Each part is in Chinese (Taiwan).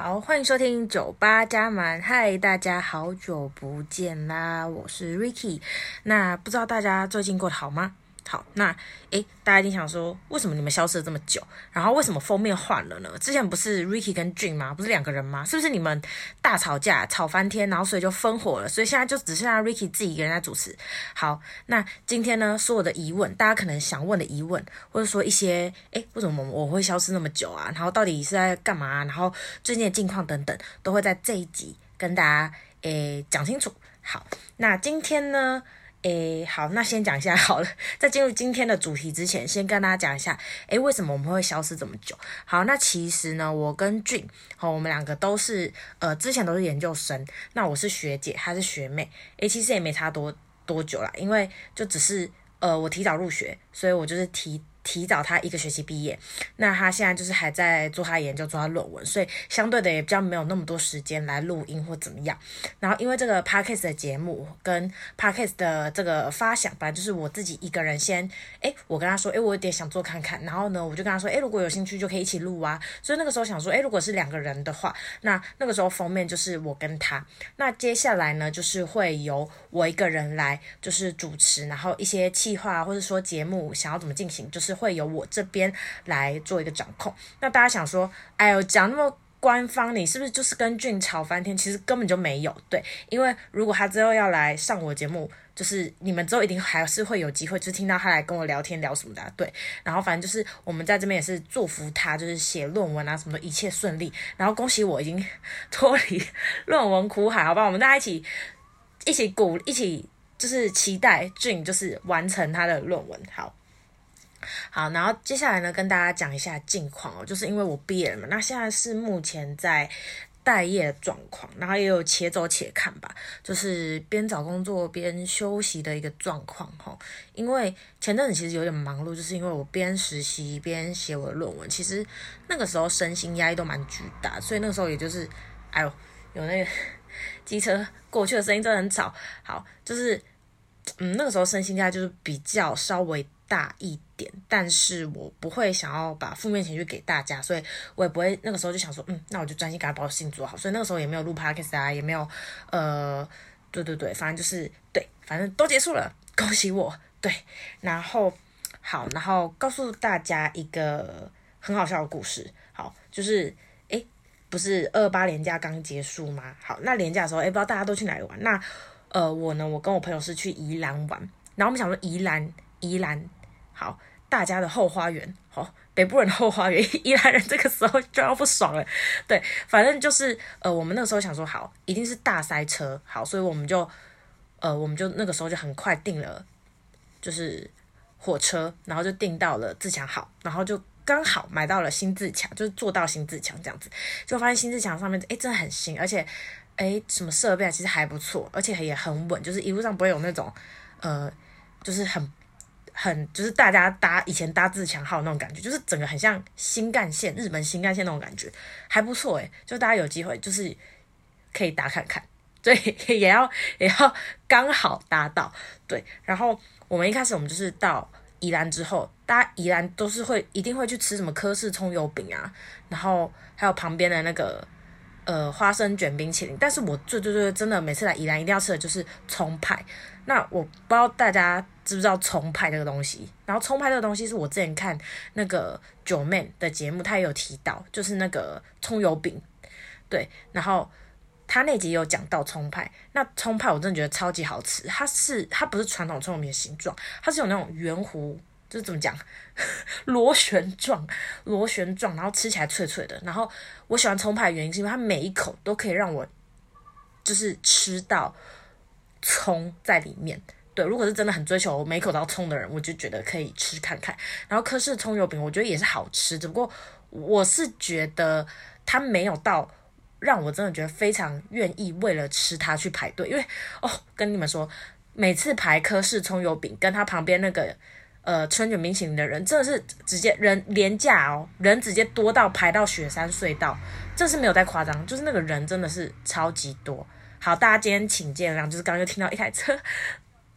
好，歡迎收聽《酒吧加滿》。嗨，大家好久不見啦，我是 Ricky。那不知道大家最近過得好嗎？好，那誒，大家一定想說，為什麼你們消失了這麼久？然後為什麼封面換了呢？之前不是 Ricky 跟 June 嗎？不是兩個人嗎？是不是你們大吵架，吵翻天，然後所以就分火了？所以現在就只剩下 Ricky 自己一個人來主持。好，那今天呢，所有的疑問，大家可能想問的疑問，或者說一些誒，為什麼我會消失那麼久啊？然後到底是在幹嘛？然後最近的近況等等，都會在這一集跟大家誒講清楚。好，那今天呢？誒，好，那先講一下好了。在進入今天的主題之前，先跟大家講一下，誒，為什麼我們會消失這麼久？好，那其實呢，我跟俊，好，我們兩個都是，呃，之前都是研究生。那我是學姐，她是學妹，誒，其實也沒差多多久了，因為就只是，呃，我提早入學，所以我就是提。提早他一個學期畢業，那他現在就是還在做他研究，做他論文，所以相對的也比較沒有那麼多時間來錄音或怎麼樣。然後因為這個 Podcast 的節目跟 Podcast 的這個發想，本來就是我自己一個人先，哎，我跟他說，哎，我有點想做看看。然後呢，我就跟他說，哎，如果有興趣就可以一起錄啊。所以那個時候想說，哎，如果是兩個人的話，那那個時候封面就是我跟他。那接下來呢，就是會由我一個人來就是主持，然後一些企劃或者說節目想要怎麼進行，就是。會由我這邊來做一個掌控。那大家想說，哎呦，講那麼官方，你是不是就是跟俊吵翻天？其實根本就沒有，對。因為如果他之後要來上我節目，就是你們之後一定還是會有機會，就是、聽到他來跟我聊天聊什麼的、啊，對。然後反正就是我們在這邊也是祝福他，就是寫論文啊什麼的，一切順利。然後恭喜我已經脫離論文苦海，好吧？我們大家一起一起鼓，一起就是期待俊就是完成他的論文，好。好，然後接下來呢，跟大家講一下近況哦，就是因為我畢業了嘛，那現在是目前在待業的狀況，然後也有且走且看吧，就是邊找工作邊休息的一個狀況齁、哦。因為前陣子其實有點忙碌，就是因為我邊實習邊寫我的論文，其實那個時候身心壓力都蠻巨大，所以那個時候也就是，哎呦，有那個機車過去的聲音真的很吵。好，就是嗯，那個時候身心壓力就是比較稍微。大一點，但是我不會想要把負面情緒給大家，所以我也不會那個時候就想說，嗯，那我就專心給他把事情做好。所以那個時候也沒有錄 podcast 啊，也沒有，呃，對對對，反正就是對，反正都結束了，恭喜我。對，然後好，然後告訴大家一個很好笑的故事。好，就是誒不是二八連假剛結束嘛，好，那連假的時候，哎，不知道大家都去哪裡玩？那呃，我呢，我跟我朋友是去宜蘭玩，然後我們想說宜蘭，宜蘭。好，大家的後花園，好、哦，北部人的後花園，宜蘭人這個時候就要不爽了。對，反正就是呃，我們那個時候想說，好，一定是大塞車，好，所以我們就呃，我們就那個時候就很快訂了，就是火車，然後就訂到了自強號，然後就剛好買到了新自強，就是坐到新自強這樣子，就發現新自強上面，哎，真的很新，而且，哎，什麼設備啊，其實還不錯，而且也很穩，就是一路上不會有那種，呃，就是很。很就是大家搭以前搭自強號那種感覺，就是整個很像新幹線，日本新幹線那種感覺，還不錯誒、欸，就大家有機會就是可以搭看看，所以也要也要剛好搭到對。然後我們一開始我們就是到宜蘭之後，大家宜蘭都是會一定會去吃什麼柯氏蔥油餅啊，然後還有旁邊的那個。呃，花生卷冰淇淋，但是我最最最真的每次來宜蘭一定要吃的就是蔥派。那我不知道大家知不知道蔥派這個東西，然後蔥派這個東西是我之前看那個九妹的節目，她也有提到，就是那個蔥油餅，對，然後她那集有講到蔥派，那蔥派我真的覺得超級好吃，它是它不是傳統蔥油餅的形狀，它是有那種圓弧。就是怎麼講，螺旋狀，螺旋狀，然後吃起來脆脆的。然後我喜歡蔥排的原因是因為它每一口都可以讓我就是吃到蔥在裡面。對，如果是真的很追求每一口都要蔥的人，我就覺得可以吃看看。然後科氏蔥油餅我覺得也是好吃，只不過我是覺得它沒有到讓我真的覺得非常願意為了吃它去排隊。因為哦，跟你們說，每次排科氏蔥油餅，跟它旁邊那個。呃，春節明星的人真的是直接人廉價哦，人直接多到排到雪山隧道，這是沒有在誇張，就是那個人真的是超級多。好，大家今天請見諒，就是剛剛又聽到一台車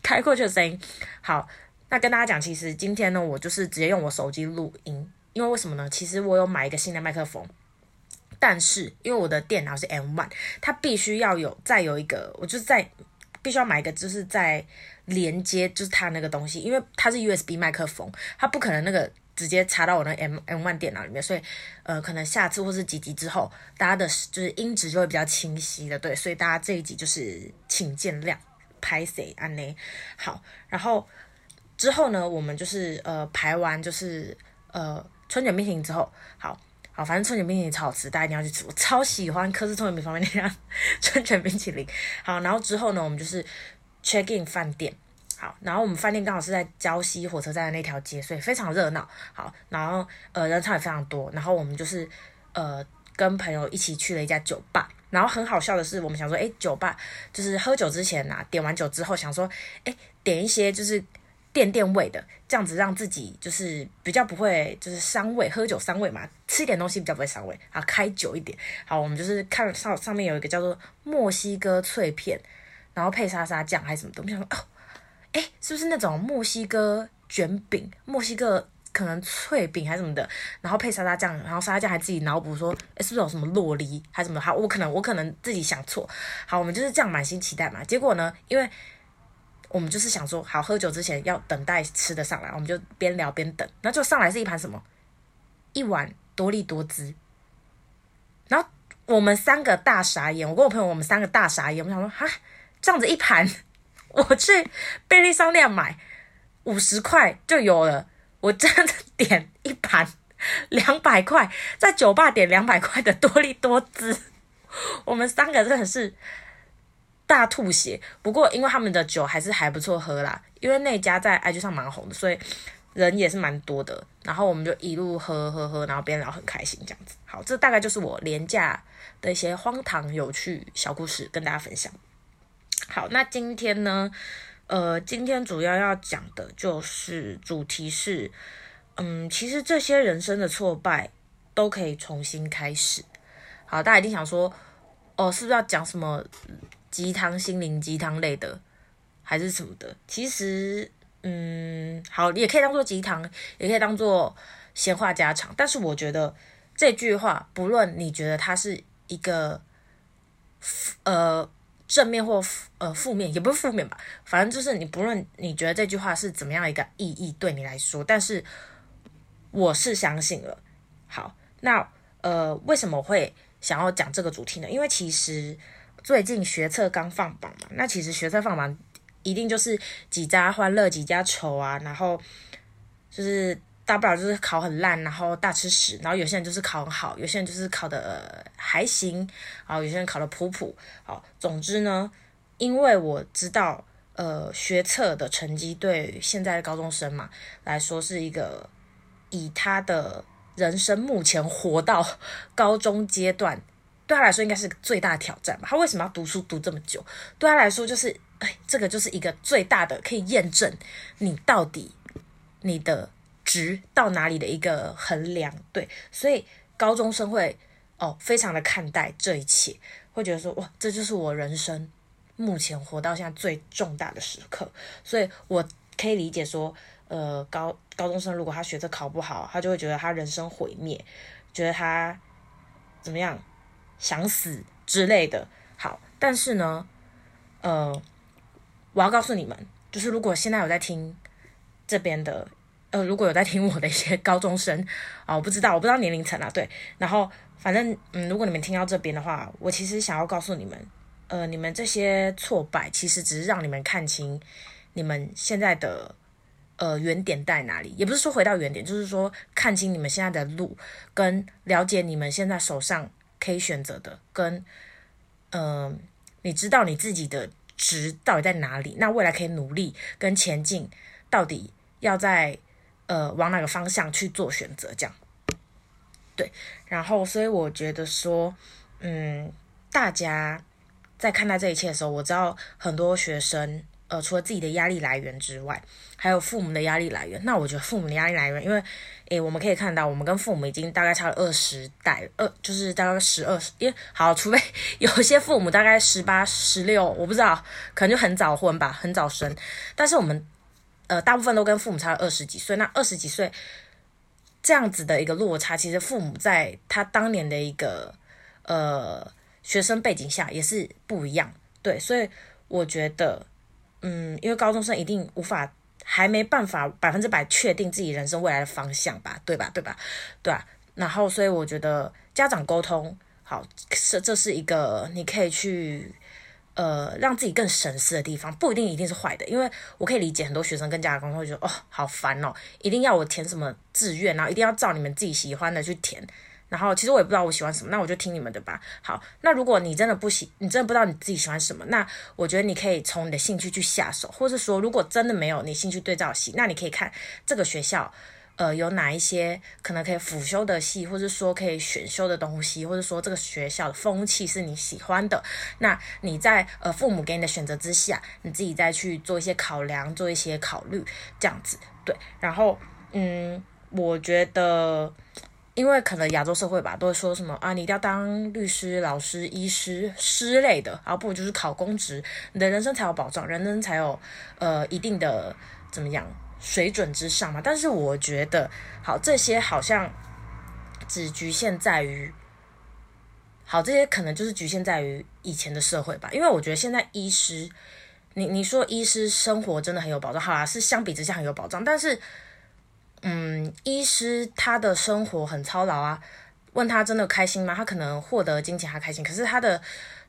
開過去的聲音。好，那跟大家講，其實今天呢，我就是直接用我手機錄音，因為為什麼呢？其實我有買一個新的麥克風，但是因為我的電腦是 M1，它必須要有再有一個，我就再必須要買一個，就是在。連接就是它那個東西，因為它是 USB 麥克風，它不可能那個直接插到我那 M M1 電腦裡面，所以呃，可能下次或是幾集之後，大家的就是音質就會比較清晰的，對，所以大家這一集就是請見諒，歹勢啊捏？好，然後之後呢，我們就是呃排完就是呃春卷冰淇淋之後，好好，反正春卷冰淇淋超好吃，大家一定要去吃，我超喜歡科斯通的米方邊那家春卷冰淇淋。好，然後之後呢，我們就是。check in 飯店，好，然後我們飯店剛好是在礁溪火車站的那條街，所以非常熱鬧。好，然後呃人潮也非常多。然後我們就是呃跟朋友一起去了一家酒吧。然後很好笑的是，我們想說，哎，酒吧就是喝酒之前吶、啊，點完酒之後想說，哎，點一些就是墊墊胃的，這樣子讓自己就是比較不會就是傷胃，喝酒傷胃嘛，吃一點東西比較不會傷胃啊，開久一點。好，我們就是看上上面有一個叫做墨西哥脆片。然後配莎莎醬還是什麼的？我想說，哦，哎，是不是那種墨西哥捲餅？墨西哥可能脆餅還是什麼的？然後配莎莎醬，然後莎莎醬還自己腦補說，哎，是不是有什麼酪梨還是什麼的？好，我可能我可能自己想錯。好，我們就是這樣滿心期待嘛。結果呢，因為我們就是想說，好，喝酒之前要等待吃的上來，我們就邊聊邊等。那就上來是一盤什麼？一碗多力多滋。然後我們三個大傻眼，我跟我朋友，我們三個大傻眼。我們想說，哈。這樣子一盤，我去便利商店買五十塊就有了。我這樣子點一盤兩百塊，在酒吧點兩百塊的多利多滋，我們三個真的是大吐血。不過因為他們的酒還是還不錯喝啦，因為那家在 IG 上蠻紅的，所以人也是蠻多的。然後我們就一路喝喝喝，然後邊聊很開心。這樣子好，這大概就是我廉價的一些荒唐有趣小故事跟大家分享。好，那今天呢？呃，今天主要要講的就是主題是，嗯，其實，這些人生的挫敗都可以重新開始。好，大家一定想說，哦，是不是要講什麼雞湯心靈雞湯類的，還是什麼的？其實，嗯，好，也可以當做雞湯，也可以當做閒話家常。但是我覺得這句話，不論你覺得它是一個，呃。正面或呃負面，也不是負面吧，反正就是你不論你覺得這句話是怎麼樣一個意義對你來說，但是我是相信了。好，那呃，為什麼會想要講這個主題呢？因為其實最近學測剛放榜嘛，那其實學測放榜一定就是幾家歡樂幾家愁啊，然後就是。大不了就是考很爛，然後大吃屎；然後有些人就是考很好，有些人就是考的、呃、還行，然後有些人考的普普。啊，總之呢，因為我知道，呃，學測的成績對現在的高中生嘛來說是一個，以他的人生目前活到高中階段，對他來說應該是最大挑戰吧。他為什麼要讀書讀這麼久？對他來說就是，哎，這個就是一個最大的可以驗證你到底你的。直到哪裡的一個衡量，對，所以高中生會哦，非常的看待這一切，會覺得說哇，這就是我人生目前活到現在最重大的時刻，所以我可以理解說，呃，高高中生如果他學測考不好，他就會覺得他人生毀滅，覺得他怎麼樣想死之類的。好，但是呢，呃，我要告訴你們，就是如果現在我在聽這邊的。呃，如果有在聽我的一些高中生啊，我不知道，我不知道年齡層啊，對，然後反正，嗯，如果你們聽到這邊的話，我其實想要告訴你們，呃，你們這些挫敗其實只是讓你們看清你們現在的呃原點在哪裡，也不是說回到原點，就是說看清你們現在的路，跟了解你們現在手上可以選擇的，跟嗯、呃，你知道你自己的值到底在哪裡，那未來可以努力跟前進到底要在。呃，往哪個方向去做選擇？這樣，對。然後，所以我覺得說，嗯，大家在看待這一切的時候，我知道很多學生，呃，除了自己的壓力來源之外，還有父母的壓力來源。那我覺得父母的壓力來源，因為，誒，我們可以看到，我們跟父母已經大概差了二十代，二就是大概十二十，因為好，除非有些父母大概十八十六，我不知道，可能就很早婚吧，很早生，但是我們。呃，大部分都跟父母差二十幾歲，那二十幾歲這樣子的一個落差，其實父母在他當年的一個呃學生背景下也是不一樣，對，所以我覺得，嗯，因為高中生一定無法還沒辦法百分之百確定自己人生未來的方向吧，對吧？對吧？對吧？對啊，然後，所以我覺得家長溝通好是這是一個你可以去。呃，讓自己更省事的地方不一定一定是壞的，因為我可以理解很多學生跟家長會覺得，哦，好煩哦，一定要我填什麼志願，然後一定要照你們自己喜歡的去填，然後其實我也不知道我喜歡什麼，那我就聽你們的吧。好，那如果你真的不喜，你真的不知道你自己喜歡什麼，那我覺得你可以從你的興趣去下手，或是說，如果真的沒有你興趣對照系，那你可以看這個學校。呃，有哪一些可能可以輔修的系，或者說可以選修的東西，或者說這個學校的風氣是你喜歡的，那你在呃父母給你的選擇之下，你自己再去做一些考量，做一些考慮，這樣子對。然後，嗯，我覺得，因為可能亞洲社會吧，都會說什麼啊，你一定要當律師、老師、醫師、師類的，啊，不就是考公職，你的人生才有保障，人生才有呃一定的怎麼樣。水準之上嘛，但是我覺得，好這些好像只局限在於，好這些可能就是局限在於以前的社會吧。因為我覺得現在醫師，你你說醫師生活真的很有保障，好啦，是相比之下很有保障，但是，嗯，醫師他的生活很操勞啊。問他真的開心嗎？他可能獲得金錢他開心，可是他的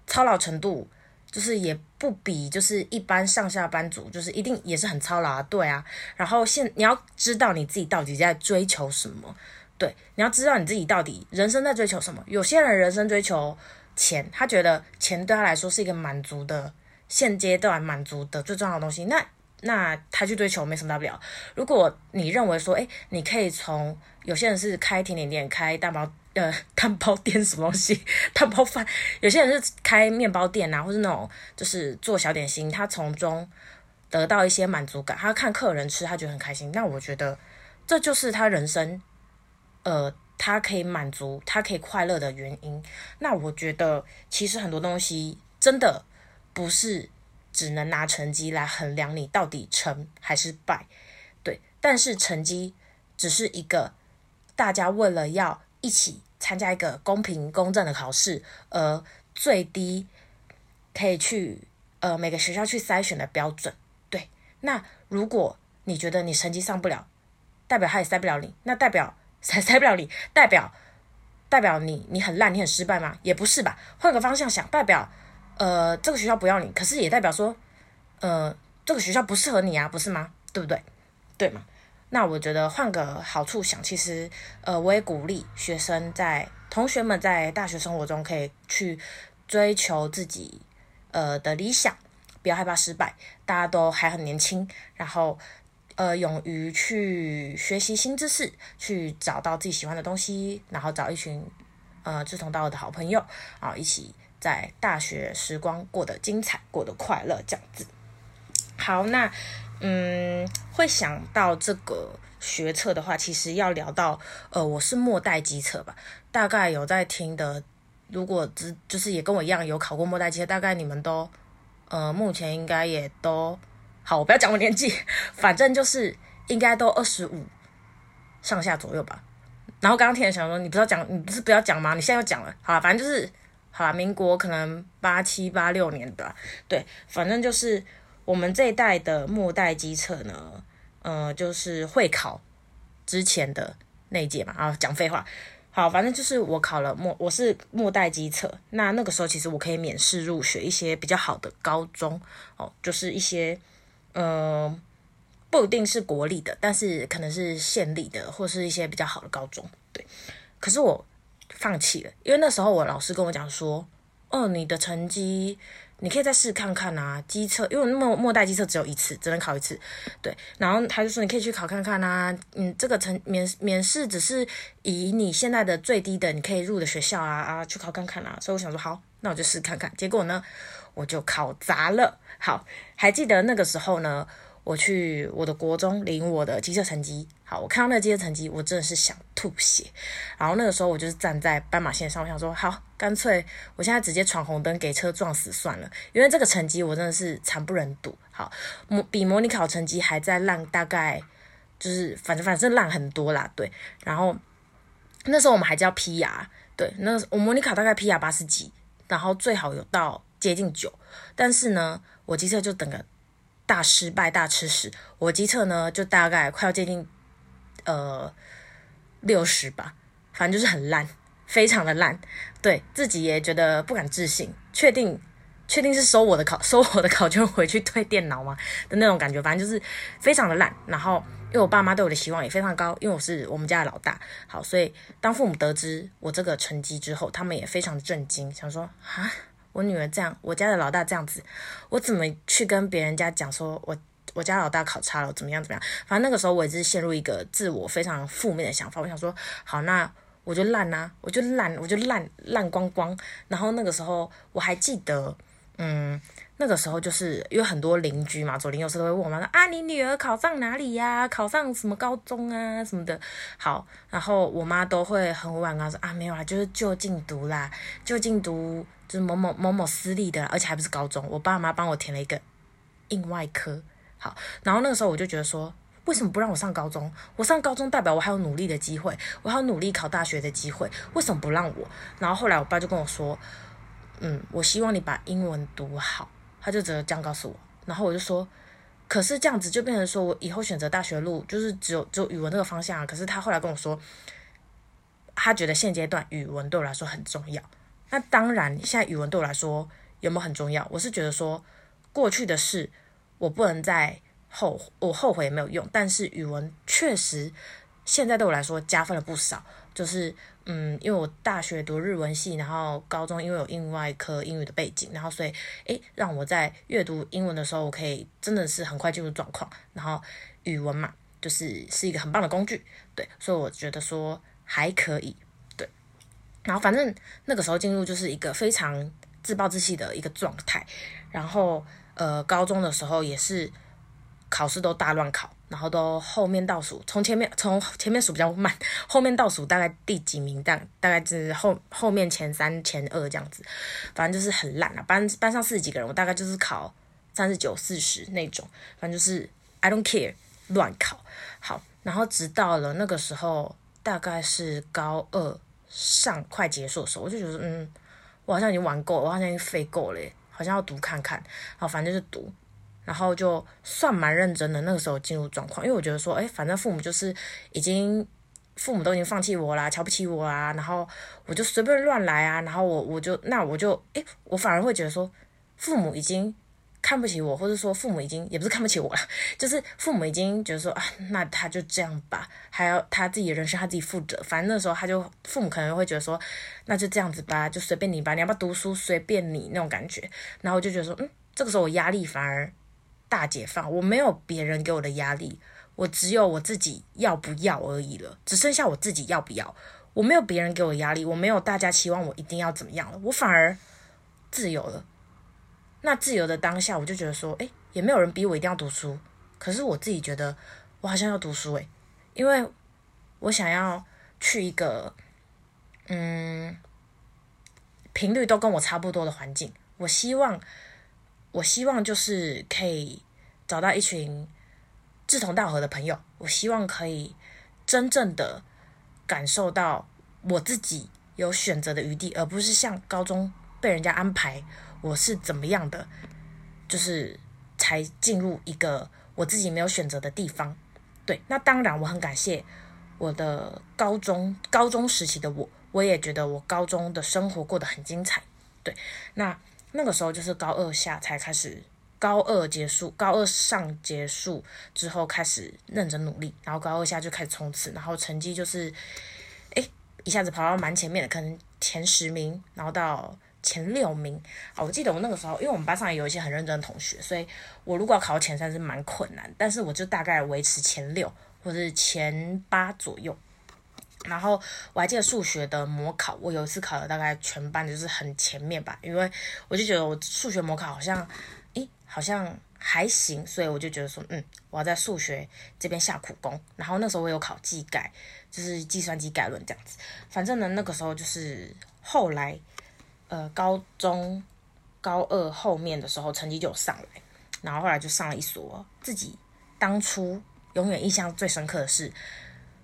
操勞程度。就是也不比就是一般上下班族，就是一定也是很操勞啊，對啊。然後現，你要知道你自己到底在追求什麼，對，你要知道你自己到底人生在追求什麼。有些人人生追求錢，他覺得錢對他來說是一個滿足的，現階段滿足的最重要的東西。那那他去追求沒什麼大不了。如果你認為說，誒，你可以從有些人是開甜點店，開蛋糕。呃，蛋包店，什麼東西？蛋包飯，有些人是開麵包店吶、啊，或是那種就是做小點心，他從中得到一些滿足感，他看客人吃，他覺得很開心。那我覺得這就是他人生，呃，他可以滿足，他可以快樂的原因。那我覺得其實很多東西真的不是只能拿成績來衡量你到底成還是敗，對。但是成績只是一個大家為了要。一起參加一個公平公正的考試，呃，最低可以去呃每個學校去篩選的標準。對，那如果你覺得你成績上不了，代表他也篩不了你，那代表篩篩不了你，代表代表你你很爛，你很失敗嗎？也不是吧，換個方向想，代表呃這個學校不要你，可是也代表說呃這個學校不適合你啊，不是嗎？對不對？對嗎？那我覺得換個好處想，其實，呃，我也鼓勵學生在同學們在大學生活中可以去追求自己，呃的理想，不要害怕失敗，大家都還很年輕，然後，呃，勇於去學習新知識，去找到自己喜歡的東西，然後找一群，呃，志同道合的好朋友，啊，一起在大學時光過得精彩，過得快樂，這樣子。好，那。嗯，會想到這個學測的話，其實要聊到，呃，我是末代基測吧，大概有在聽的，如果只就是也跟我一樣有考過末代基測，大概你們都，呃，目前應該也都，好，我不要講我年紀，反正就是應該都二十五上下左右吧。然後剛剛聽人想說，你不要講，你不是不要講嗎？你現在要講了，好啦，反正就是，好啦，民國可能八七八六年的，對，反正就是。我們這一代的末代基測呢，呃，就是會考之前的那一屆嘛，啊，講廢話。好，反正就是我考了末，我是末代基測。那那個時候其實我可以免試入學一些比較好的高中哦，就是一些嗯、呃，不一定是國立的，但是可能是縣立的，或是一些比較好的高中。對，可是我放棄了，因為那時候我老師跟我講說，哦，你的成績。你可以再試看看吶、啊，基測因為末末代基測只有一次，只能考一次，對。然後他就說你可以去考看看吶、啊，嗯，這個成免免試只是以你現在的最低的，你可以入的學校啊啊，去考看看啊。所以我想說好，那我就試看看，結果呢，我就考砸了。好，還記得那個時候呢？我去我的國中領我的基測成績，好，我看到那基測成績，我真的是想吐血。然後那個時候我就是站在斑馬線上，我想說，好，乾脆我現在直接闖紅燈給車撞死算了，因為這個成績我真的是慘不忍睹。好，模比模擬考成績還在爛，大概就是反正反正爛很多啦，對。然後那時候我們還叫 PR，對，那我模擬考大概 PR 八十幾，然後最好有到接近九，但是呢，我基測就等個。大失敗，大吃屎！我基測呢，就大概快要接近呃六十吧，反正就是很爛，非常的爛，對自己也覺得不敢置信，確定確定是收我的考收我的考卷，回去退電腦嘛的那種感覺，反正就是非常的爛。然後，因為我爸媽對我的希望也非常高，因為我是我們家的老大，好，所以當父母得知我這個成績之後，他們也非常的震驚，想說啊。我女兒這樣，我家的老大這樣子，我怎麼去跟別人家講說我，我我家老大考差了，怎麼樣怎麼樣？反正那個時候，我也是陷入一個自我非常負面的想法。我想說，好，那我就爛啊，我就爛，我就爛爛光光。然後那個時候，我還記得，嗯，那個時候就是因為很多鄰居嘛，左鄰右舍都會問我媽，說啊，你女兒考上哪裡呀、啊？考上什麼高中啊？什麼的。好，然後我媽都會很晚啊，說啊，沒有啊，就是就近讀啦，就近讀。是某某某某私立的，而且還不是高中。我爸媽幫我填了一個應外科，好。然後那個時候我就覺得說，為什麼不讓我上高中？我上高中代表我還有努力的機會，我還有努力考大學的機會，為什麼不讓我？然後後來我爸就跟我說，嗯，我希望你把英文讀好。他就只這樣告訴我。然後我就說，可是這樣子就變成說我以後選擇大學路就是只有只有語文這個方向啊。可是他後來跟我說，他覺得現階段語文對我來說很重要。那當然，現在語文對我來說有沒有很重要？我是覺得說，過去的事我不能再後，我後悔也沒有用。但是語文確實現在對我來說加分了不少。就是嗯，因為我大學讀日文系，然後高中因為有另外一科英語的背景，然後所以誒，讓我在閱讀英文的時候，我可以真的是很快進入狀況。然後語文嘛，就是是一個很棒的工具，對，所以我覺得說還可以。然後，反正那個時候進入就是一個非常自暴自棄的一個狀態。然後，呃，高中的時候也是考試都大亂考，然後都後面倒數，從前面從前面數比較慢，後面倒數大概第幾名？但大概就是後後面前三前二這樣子。反正就是很爛啊！班班上四十幾個人，我大概就是考三十九、四十那種。反正就是 I don't care，亂考。好，然後直到了那個時候，大概是高二。上快結束的時候，我就覺得，嗯，我好像已經玩夠了，我好像已經廢夠了，好像要讀看看，然後反正就是讀，然後就算蠻認真的，那個時候進入狀況，因為我覺得說，哎，反正父母就是已經，父母都已經放棄我啦，啊，瞧不起我啦，啊，然後我就隨便亂來啊，然後我我就那我就，誒，我反而會覺得說，父母已經。看不起我，或者說父母已經也不是看不起我了，就是父母已經覺得說啊，那他就這樣吧，還要他自己人生他自己負責。反正那時候他就父母可能會覺得說，那就這樣子吧，就隨便你吧，你要不要讀書隨便你那種感覺。然後我就覺得說，嗯，這個時候我壓力反而大解放，我沒有別人給我的壓力，我只有我自己要不要而已了，只剩下我自己要不要，我沒有別人給我壓力，我沒有大家期望我一定要怎麼樣了，我反而自由了。那自由的當下，我就覺得說，哎、欸，也沒有人逼我一定要讀書，可是我自己覺得，我好像要讀書、欸，哎，因為，我想要去一個，嗯，頻率都跟我差不多的環境。我希望，我希望就是可以找到一群志同道合的朋友。我希望可以真正的感受到我自己有選擇的餘地，而不是像高中被人家安排。我是怎麼樣的，就是才進入一個我自己沒有選擇的地方。對，那當然我很感謝我的高中，高中時期的我，我也覺得我高中的生活過得很精彩。對，那那個時候就是高二下才開始，高二結束，高二上結束之後開始認真努力，然後高二下就開始衝刺，然後成績就是，誒，一下子跑到蠻前面的，可能前十名，然後到。前六名啊、哦！我記得我那個時候，因為我們班上也有一些很認真的同學，所以我如果要考前三是蠻困難。但是我就大概維持前六或者前八左右。然後我還記得數學的模考，我有一次考了大概全班就是很前面吧，因為我就覺得我數學模考好像，咦，好像還行，所以我就覺得說，嗯，我要在數學這邊下苦功。然後那時候我有考計概，就是計算機概論這樣子。反正呢，那個時候就是後來。呃，高中高二後面的時候，成績就有上來，然後後來就上了一所自己當初永遠印象最深刻的是，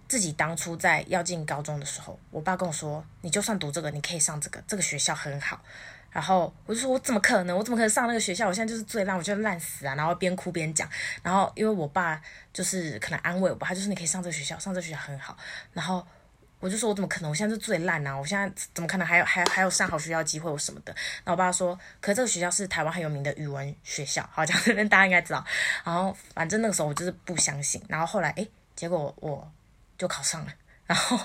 自己當初在要進高中的時候，我爸跟我說：“你就算讀這個，你可以上這個，這個學校很好。”然後我就說：“我怎麼可能？我怎麼可能上那個學校？我現在就是最爛，我就爛死啊！”然後邊哭邊講。然後因為我爸就是可能安慰我吧，他就是：“你可以上這個學校，上這個學校很好。”然後。我就說，我怎麼可能？我現在是最爛啊。我現在怎麼可能還有還還有上好學校機會？我什麼的？那我爸說，可這個學校是台灣很有名的語文學校，好，這樣大家應該知道。然後，反正那個時候我就是不相信。然後後來，誒，結果我就考上了。然後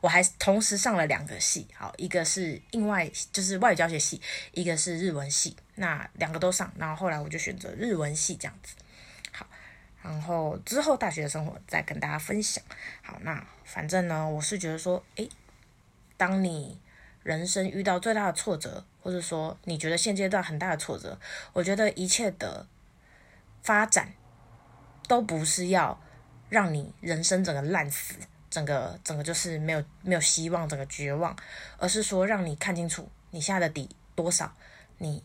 我還同時上了兩個系，好，一個是另外就是外語教學系，一個是日文系，那兩個都上。然後後來我就選擇日文系這樣子。好，然後之後大學的生活再跟大家分享。好，那。反正呢，我是覺得說，哎，當你人生遇到最大的挫折，或者說你覺得現階段很大的挫折，我覺得一切的發展都不是要讓你人生整個爛死，整個整個就是沒有沒有希望，整個絕望，而是說讓你看清楚你現在的底多少，你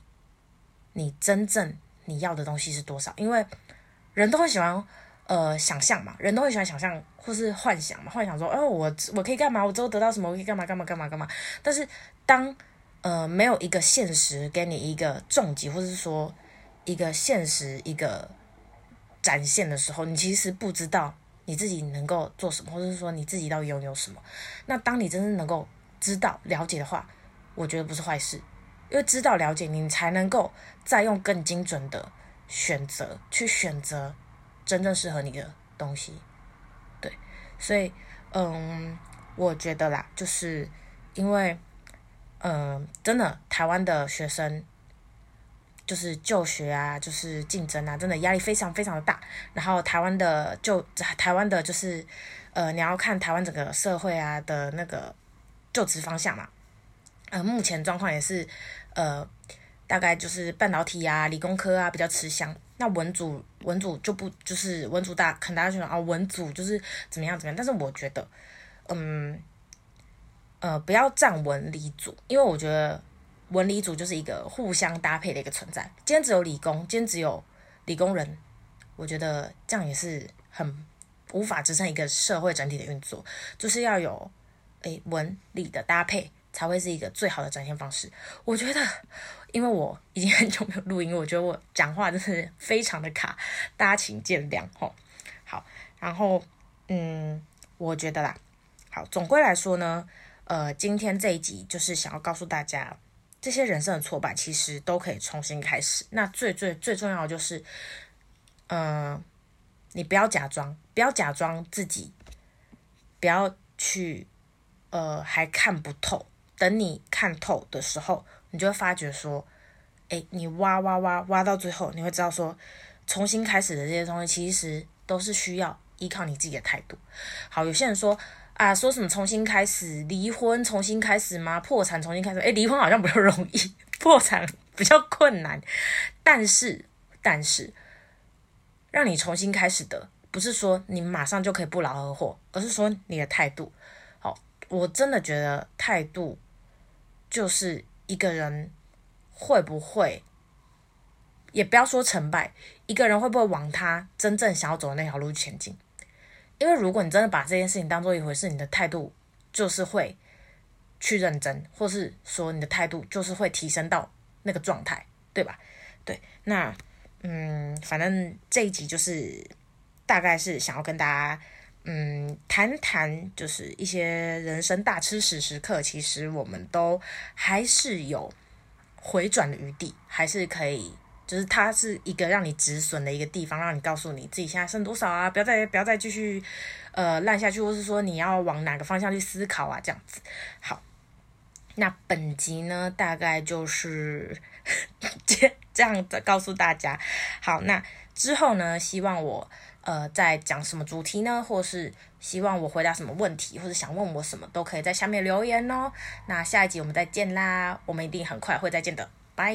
你真正你要的東西是多少，因為人都會喜歡。呃，想象嘛，人都會喜歡想象，或是幻想嘛，幻想說，哦，我我可以幹嘛？我之後得到什麼？我可以幹嘛？幹嘛？幹嘛？幹嘛？但是當，當呃沒有一個現實給你一個重擊，或是說一個現實一個展現的時候，你其實不知道你自己能夠做什麼，或者是說你自己到底擁有什麼。那當你真正能夠知道了解的話，我覺得不是壞事，因為知道了解，你才能夠再用更精準的選擇去選擇。真正適合你的東西，對，所以，嗯，我覺得啦，就是因為，嗯、呃，真的，台灣的學生就是就學啊，就是競爭啊，真的壓力非常非常的大。然後台灣的就，台灣的就台灣的就是，呃，你要看台灣整個社會啊的那個就職方向嘛，呃，目前狀況也是，呃，大概就是半導體啊、理工科啊比較吃香。那文組，文組就不就是文組大肯大家說啊，文組就是怎麼樣怎麼樣，但是我覺得，嗯，呃，不要戰文理組，因為我覺得文理組就是一個互相搭配的一個存在。今天只有理工，今天只有理工人，我覺得這樣也是很無法支撐一個社會整體的運作，就是要有哎文理的搭配。才會是一個最好的展現方式。我覺得，因為我已經很久沒有錄音，我覺得我講話真的是非常的卡，大家請見諒哈、哦。好，然後，嗯，我覺得啦，好，總歸來說呢，呃，今天這一集就是想要告訴大家，這些人生的挫敗其實都可以重新開始。那最最最重要的就是，嗯、呃，你不要假裝，不要假裝自己，不要去，呃，還看不透。等你看透的時候，你就會發覺說，哎、欸，你挖挖挖挖到最後，你會知道說，重新開始的這些東西其實都是需要依靠你自己的態度。好，有些人說啊，說什麼重新開始？離婚重新開始嗎？破產重新開始？哎、欸，離婚好像比較容易，破產比較困難。但是，但是，讓你重新開始的，不是說你馬上就可以不勞而獲，而是說你的態度。好，我真的覺得態度。就是一個人會不會，也不要說成敗，一個人會不會往他真正想要走的那條路前進？因為如果你真的把這件事情當做一回事，你的態度就是會去認真，或是說你的態度就是會提升到那個狀態，對吧？對，那嗯，反正這一集就是大概是想要跟大家。嗯，談談就是一些人生大吃屎時刻，其實我們都還是有回轉的餘地，還是可以，就是它是一個讓你止損的一個地方，讓你告訴你自己現在剩多少啊，不要再不要再繼續呃爛下去，或是說你要往哪個方向去思考啊，這樣子。好，那本集呢，大概就是這 這樣子告訴大家。好，那之後呢，希望我。呃，在講什麼主題呢？或是希望我回答什麼問題，或者想問我什麼，都可以在下面留言哦。那下一集我們再見啦，我們一定很快會再見的，拜。